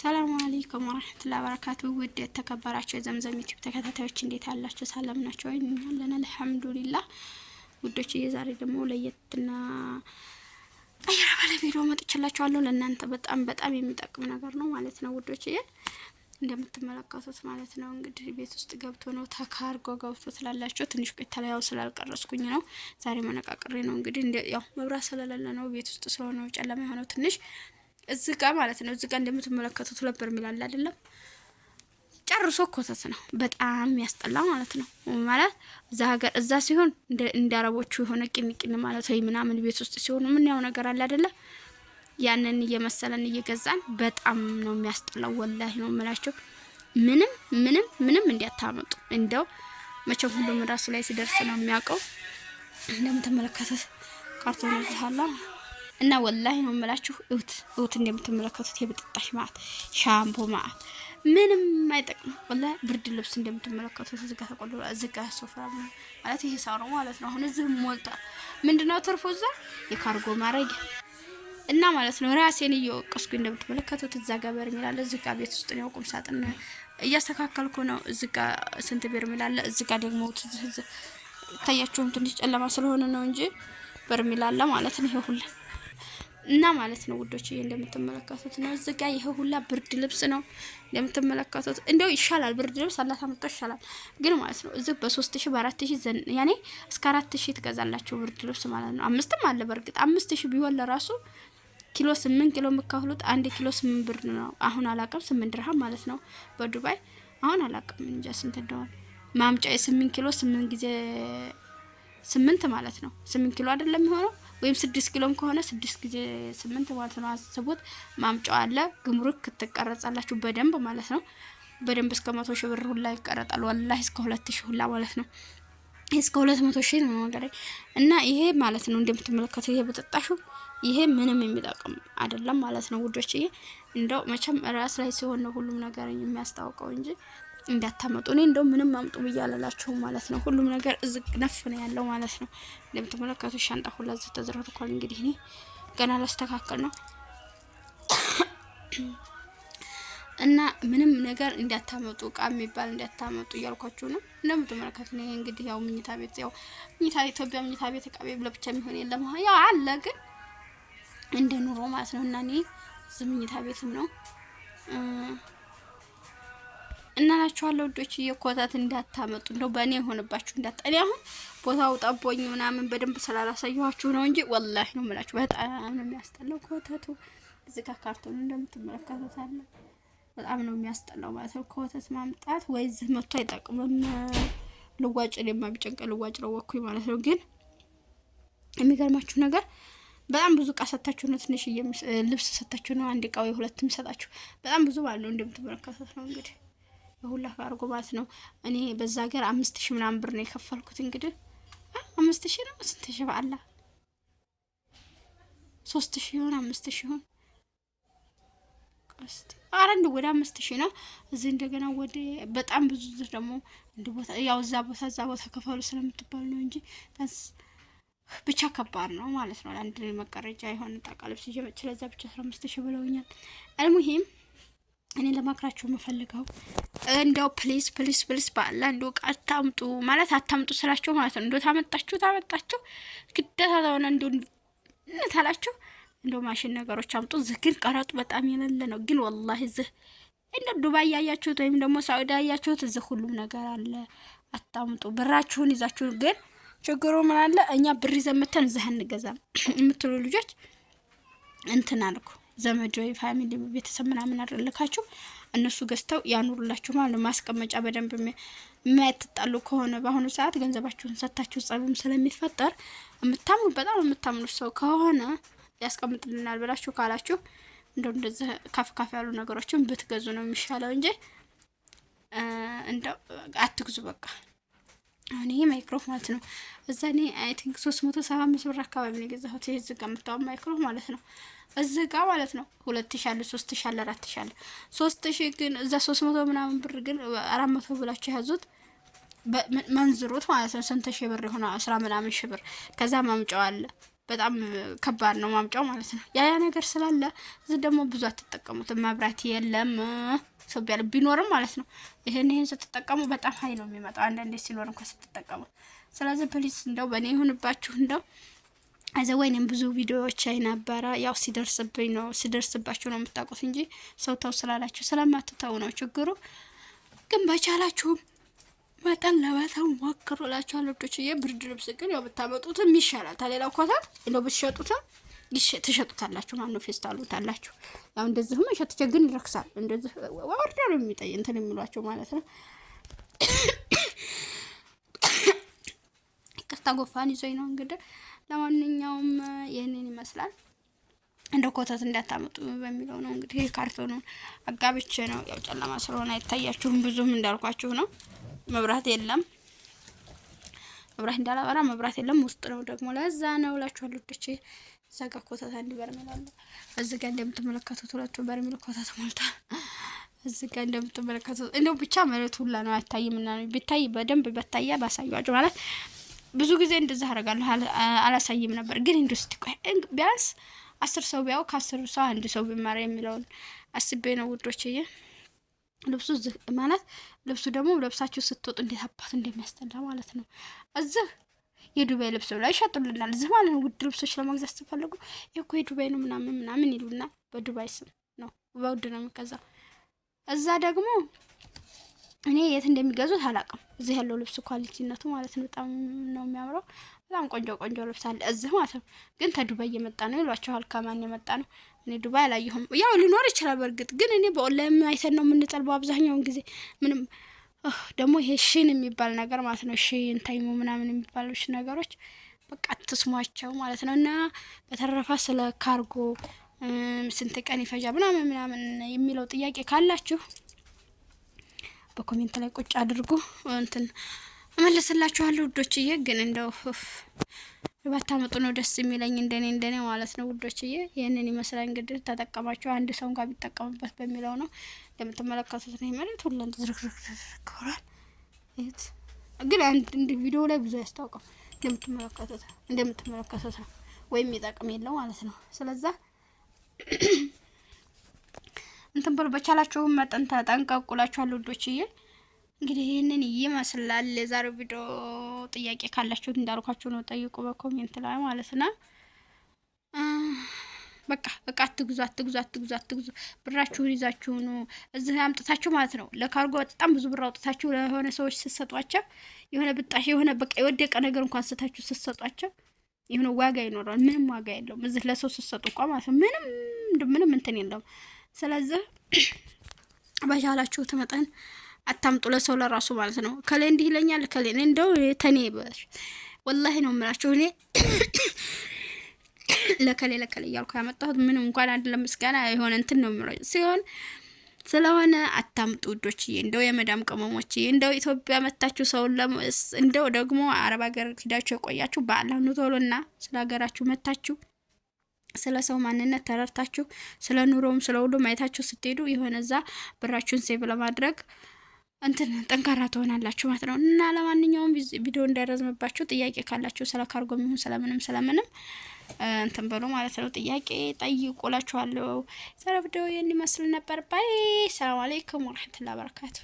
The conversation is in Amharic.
ሰላሙ አለይኩም ወራህመቱላሂ ወበረካቱ። ውድ የተከበራችሁ የዘምዘም ዩቲዩብ ተከታታዮች እንዴት አላችሁ? ሰላም ናቸው ወይ? ያለን አልሐምዱሊላህ። ውዶች የዛሬ ደግሞ ለየትና ቀየራ ባለ ቪዲዮ መጥቼላችኋለሁ። ለእናንተ በጣም በጣም የሚጠቅም ነገር ነው ማለት ነው ውዶች እንደምትመለከቱት ማለት ነው እንግዲህ ቤት ውስጥ ገብቶ ነው ተካርጎ ገብቶ ትላላቸው። ትንሽ ቆይታ ያው ስላልቀረስኩኝ ነው ዛሬ መነቃቅሬ ነው እንግዲህ ያው መብራት ስለሌለ ነው ቤት ውስጥ ስለሆነ ጨለማ የሆነው ትንሽ እዚህ ጋር ማለት ነው። እዚህ ጋር እንደምትመለከቱት ሁለት በርሜል አለ አይደለም? ጨርሶ ኮተት ነው። በጣም ያስጠላ ማለት ነው። ማለት እዛ ሀገር እዛ ሲሆን እንደ አረቦቹ የሆነ ቂንቂን ማለት ወይ ምናምን ቤት ውስጥ ሲሆኑ ያው ነገር አለ አይደለም? ያንን እየመሰለን እየገዛን በጣም ነው የሚያስጠላው። ወላሂ ነው የምላቸው። ምንም ምንም ምንም እንዲያታመጡ እንደው መቼም ሁሉም ራሱ ላይ ሲደርስ ነው የሚያውቀው። እንደምትመለከቱት ካርቶን ይዛላ እና ወላሂ ነው የምላችሁ። እውት እውት እንደምትመለከቱት የብጥጣሽ ማለት ሻምፖ ማለት ምንም አይጠቅም። ወላሂ ብርድ ልብስ እንደምትመለከቱት እዚጋ ተቆሎ እዚጋ እዚህ ሶፋ ማለት ይሄ ሳሩ ማለት ነው። አሁን እዚህ ሞልቷል። ምንድነው ትርፎ እዛ የካርጎ ማረጊያ እና ማለት ነው ራሴን እየወቀስኩ እንደምትመለከቱት እዛ ጋር በርሜል እዚጋ ቤት ውስጥ ነው ቁም ሳጥን እያስተካከልኩ ነው። እዚጋ ስንት በርሜል አለ። እዚህ ደግሞ ታያችሁም ትንሽ ጨለማ ስለሆነ ነው እንጂ በርሜል አለ ማለት ነው ይሄ ሁላ እና ማለት ነው ውዶች፣ ይሄ እንደምትመለከቱት ነው። እዚህ ጋር ይሄ ሁላ ብርድ ልብስ ነው እንደምትመለከቱት። እንደው ይሻላል ብርድ ልብስ አላታ መጣ ይሻላል፣ ግን ማለት ነው እዚህ በሶስት ሺ በአራት ሺህ ያኔ እስከ አራት ሺ ትገዛላችሁ ብርድ ልብስ ማለት ነው። አምስትም አለ በእርግጥ አምስት ሺ ቢሆን ለራሱ ኪሎ ስምንት ኪሎ የምካፍሉት አንድ ኪሎ ስምንት ብር ነው። አሁን አላቅም ስምንት ድርሃም ማለት ነው በዱባይ አሁን አላቅም እንጃ ስንት እንደሆነ ማምጫ የስምንት ኪሎ ስምንት ጊዜ ስምንት ማለት ነው ስምንት ኪሎ አይደለም የሚሆነው ወይም ስድስት ኪሎም ከሆነ ስድስት ጊዜ ስምንት ማለት ነው። አስቡት። ማምጫው አለ ግምሩክ ክትቀረጻላችሁ በደንብ ማለት ነው። በደንብ እስከ መቶ ሺህ ብር ሁላ ይቀረጣል። ወላሂ እስከ ሁለት ሺህ ሁላ ማለት ነው። እስከ ሁለት መቶ ሺህ ነው ነገር እና ይሄ ማለት ነው እንደምትመለከቱ ይሄ በጠጣሹ ይሄ ምንም የሚጠቅም አይደለም ማለት ነው ውዶች። ይሄ እንደው መቼም ራስ ላይ ሲሆን ነው ሁሉም ነገር የሚያስታውቀው እንጂ እንዳታመጡ። እኔ እንደውም ምንም አምጡ ብዬ አላላችሁም ማለት ነው። ሁሉም ነገር እዝግ ነፍ ነው ያለው ማለት ነው። እንደምትመለከቱ ሻንጣ ሁላ እዚህ ተዘርግቷል። እንግዲህ እኔ ገና ላስተካከል ነው እና ምንም ነገር እንዳታመጡ እቃ የሚባል እንዳታመጡ እያልኳችሁ ነው። እንደምትመለከቱት ነው ይሄ እንግዲህ ያው ምኝታ ቤት ያው ምኝታ ኢትዮጵያ ምኝታ ቤት እቃ ቤት ለብቻ የሚሆን የለም ያው አለ ግን እንደ ኑሮ ማለት ነው እና እኔ ዝምኝታ ቤትም ነው እናላችኋለሁ ውዶች፣ እየኮታት እንዳታመጡ እንደው በእኔ የሆነባችሁ እንዳታ። እኔ አሁን ቦታው ጠቦኝ ምናምን በደንብ ስላላሳየኋችሁ ነው እንጂ ወላሂ ነው የምላችሁ፣ በጣም ነው የሚያስጠላው ከወተቱ። እዚህ ጋር ካርቶኑ እንደምትመለከቱት አለ። በጣም ነው የሚያስጠላው ማለት ነው ከወተት ማምጣት ወይ እዚህ መቶ አይጠቅምም። ልዋጭ እኔማ ቢጨንቀ ልዋጭ ለወኩኝ ማለት ነው። ግን የሚገርማችሁ ነገር በጣም ብዙ እቃ ሰታችሁ ነው፣ ትንሽ ልብስ ሰታችሁ ነው፣ አንድ እቃ ወይ ሁለት የሚሰጣችሁ በጣም ብዙ ማለት ነው እንደምትመለከቱት ነው እንግዲህ በሁላ አድርጎ ማለት ነው። እኔ በዛ ሀገር አምስት ሺህ ምናምን ብር ነው የከፈልኩት። እንግዲህ አምስት ሺህ ነው ስንት ሺህ በአላ ሶስት ሺህ ይሁን አምስት ሺህ ይሁን ቀስት አረንድ ወደ አምስት ሺህ ነው። እዚህ እንደገና ወደ በጣም ብዙ ዝር ደግሞ እንደ ቦታ ያው እዛ ቦታ እዛ ቦታ ከፈሉ ስለምትባሉ ነው እንጂ ብቻ ከባድ ነው ማለት ነው። ለአንድ መቀረጃ የሆነ ጣቃ ልብስ ይዤ መጥቼ ለዛ ብቻ አስራ አምስት ሺህ ብለውኛል አልሙሂም እኔ ለማክራቸው የምፈልገው እንደው ፕሊስ ፕሊስ ፕሊዝ ባላ እንደ አታምጡ ማለት አታምጡ ስላቸው ማለት ነው። እንዶ ታመጣችሁ ታመጣችሁ ግዴታ ተሆነ እንዶ ታላችሁ እንዶ ማሽን ነገሮች አምጡ። ዝህ ግን ቀረጡ በጣም የለለ ነው። ግን ወላሂ ዝህ እንደ ዱባይ ያያችሁት ወይም ደግሞ ሳዑዲ ያያችሁት እዚህ ሁሉም ነገር አለ። አታምጡ ብራችሁን ይዛችሁ። ግን ችግሩ ምን አለ እኛ ብር ዘምተን ዝህ እንገዛም የምትሉ ልጆች እንትን አልኩ ዘመድ ወይ ፋሚሊ ቤተሰብ ምናምን አደረልካችሁ እነሱ ገዝተው ያኑሩላችሁ ማለት ነው። ማስቀመጫ በደንብ የማያትጣሉ ከሆነ በአሁኑ ሰዓት ገንዘባችሁን ሰታችሁ ጸብም ስለሚፈጠር የምታምኑ በጣም የምታምኑ ሰው ከሆነ ያስቀምጥልናል ብላችሁ ካላችሁ እንደው እንደዚህ ካፍ ያሉ ነገሮችን ብትገዙ ነው የሚሻለው እንጂ እንደው አትግዙ በቃ። አሁን ይሄ ማይክሮፍ ማለት ነው። እዛ እኔ አይ ቲንክ ሶስት መቶ ሰባ አምስት ብር አካባቢ ነው የገዛሁት። ይሄ እዚህ ጋ የምታዩት ማይክሮፍ ማለት ነው። እዚህ ጋ ማለት ነው ሁለት ሺ አለ፣ ሶስት ሺ አለ፣ አራት ሺ አለ። ሶስት ሺ ግን እዛ ሶስት መቶ ምናምን ብር ግን አራት መቶ ብላችሁ የያዙት መንዝሮት ማለት ነው። ስንት ሺ ብር የሆነ አስራ ምናምን ሺ ብር ከዛ ማምጫው አለ በጣም ከባድ ነው ማምጫው ማለት ነው። ያ ያ ነገር ስላለ እዚህ ደግሞ ብዙ አትጠቀሙትም። መብራት የለም ሰው ቢያል ቢኖርም ማለት ነው። ይህን ይህን ስትጠቀሙ በጣም ሀይ ነው የሚመጣው አንዳንዴ ሲኖር እንኳ ስትጠቀሙ። ስለዚህ ፕሊስ እንደው በእኔ ይሁንባችሁ እንደው አዘ ወይኔም ብዙ ቪዲዮዎች አይ ነበረ። ያው ሲደርስብኝ ነው ሲደርስባችሁ ነው የምታውቁት እንጂ ሰው ተው ስላላችሁ ስለማትተው ነው ችግሩ። ግን በቻላችሁም መጠን ለመጠን ሞክሩ እላችኋለሁ ውዶችዬ። ብርድ ልብስ ግን ያው ብታመጡትም ይሻላል። ተሌላው ኮታት እንደው ብትሸጡትም ትሸጡታላችሁ ማለት ነው። ፌስታሉ ታላችሁ ያው እንደዚህም እሸትቼ ግን ይረክሳል። እንደዚህ ወርዳ ነው የሚጠይ እንትን የሚሏቸው ማለት ነው። ይቅርታ ጎፋን ይዞኝ ነው እንግዲህ። ለማንኛውም ይህንን ይመስላል። እንደ ኮተት እንዳታመጡ በሚለው ነው እንግዲህ። ካርቶኑን አጋብቼ ነው ያው ጨለማ ስለሆነ አይታያችሁም ብዙም እንዳልኳችሁ ነው። መብራት የለም። መብራት እንዳላበራ መብራት የለም። ውስጥ ነው ደግሞ ለዛ ነው እላችኋለሁ። ልጆቼ እዛ ጋር ኮተታ አንድ በርሜል አለ። እዚህ ጋር እንደምትመለከቱት ሁለቱን በርሜል ኮተታ ሞልቷል። እዚህ ጋር እንደምትመለከቱት እንደው ብቻ መሬት ሁላ ነው አይታይም። እና ነው ቢታይ በደንብ በታያ ባሳያችሁ ማለት ብዙ ጊዜ እንደዛ አደርጋለሁ። አላሳይም ነበር ግን እንዲሁ ስትቆይ ቢያንስ አስር ሰው ቢያው ከአስር ሰው አንድ ሰው ቢማራ የሚለውን አስቤ ነው ውዶችዬ። ልብሱ ማለት ልብሱ ደግሞ ለብሳችሁ ስትወጡ እንዴት አባት እንደሚያስጠላ ማለት ነው። እዚህ የዱባይ ልብስ ብላ ይሸጡልናል። እዚህ ማለት ነው። ውድ ልብሶች ለመግዛት ስትፈልጉ እኮ የዱባይ ነው ምናምን ምናምን ይሉና በዱባይ ስም ነው በውድ ነው የሚገዛው። እዛ ደግሞ እኔ የት እንደሚገዙት አላውቅም። እዚህ ያለው ልብስ ኳሊቲነቱ ማለት ነው በጣም ነው የሚያምረው። በጣም ቆንጆ ቆንጆ ልብስ አለ እዚህ ማለት ነው። ግን ከዱባይ የመጣ ነው ይሏቸዋል። ከማን የመጣ ነው? እኔ ዱባይ አላየሁም። ያው ሊኖር ይችላል በእርግጥ ግን እኔ በኦንላይን አይተን ነው የምንጠልበው አብዛኛውን ጊዜ ምንም ደግሞ ይሄ ሽን የሚባል ነገር ማለት ነው። ሽን ታይሞ ምናምን የሚባሉች ነገሮች በቃ ትስሟቸው ማለት ነው። እና በተረፈ ስለ ካርጎ ስንት ቀን ይፈጃል ምናምን ምናምን የሚለው ጥያቄ ካላችሁ በኮሜንት ላይ ቁጭ አድርጉ እንትን እመልስላችኋለሁ ውዶችዬ። ግን እንደው ባታመጡ ነው ደስ የሚለኝ እንደኔ እንደኔ ማለት ነው ውዶችዬ። ይህንን ይመስላል እንግዲህ ተጠቀማቸው አንድ ሰው ጋር ቢጠቀምበት በሚለው ነው። እንደምትመለከቱት ነው መሬት ሁሉን ዝርክርክ ብሏል። ግን አንድ ቪዲዮ ላይ ብዙ አያስታውቅም። እንደምትመለከቱት እንደምትመለከቱት ነው ወይም ይጠቅም የለው ማለት ነው ስለዛ እንትን ብሎ በቻላችሁም መጠን ተጠንቀቁላችኋል ውዶችዬ። እንግዲህ ይህንን ይመስላል የዛሬው ቪዲዮ። ጥያቄ ካላችሁት እንዳልኳችሁ ነው፣ ጠይቁ በኮሜንት ላይ ማለት ነው። በቃ በቃ አትግዙ አትግዙ አትግዙ አትግዙ። ብራችሁን ይዛችሁ ኑ እዚህ አምጥታችሁ ማለት ነው። ለካርጎ በጣም ብዙ ብር አውጥታችሁ ለሆነ ሰዎች ስትሰጧቸው የሆነ ብጣሽ የሆነ በቃ የወደቀ ነገር እንኳን ስታችሁ ስትሰጧቸው የሆነ ዋጋ ይኖረዋል። ምንም ዋጋ የለውም እዚህ ለሰው ስትሰጡ እንኳ ማለት ነው። ምንም ምንም እንትን የለውም። ስለዚህ በቻላችሁት መጠን አታምጡ፣ ለሰው ለራሱ ማለት ነው። ከሌ እንዲህ ይለኛል ከሌ እንደው ተኔ በሽ ወላሂ ነው የምላችሁ እኔ ለከሌ ለከሌ እያልኩ ያመጣሁት ምንም እንኳን አንድ ምስጋና የሆነ እንትን ነው የሚለው ሲሆን ስለሆነ አታምጡ ውዶች እንደው የመዳም ቅመሞችዬ፣ እንደው ኢትዮጵያ መታችሁ ሰውን እንደው ደግሞ አረብ ሀገር ሂዳችሁ የቆያችሁ በአላህ ቶሎ እና ስለ ሀገራችሁ መታችሁ ስለ ሰው ማንነት ተረድታችሁ ስለ ኑሮውም ስለ ሁሉም አይታችሁ ስትሄዱ የሆነ እዛ ብራችሁን ሴቭ ለማድረግ እንትን ጠንካራ ትሆናላችሁ ማለት ነው። እና ለማንኛውም ቪዲዮ እንዳይረዝምባችሁ ጥያቄ ካላችሁ ስለ ካርጎ የሚሆን ስለምንም ስለምንም እንትን በሉ ማለት ነው። ጥያቄ ጠይቁላችኋለሁ። ዛሬ ቪዲዮ ይህን ይመስል ነበር። ባይ ሰላም አሌይኩም ወረሕመቱላሂ በረካቱ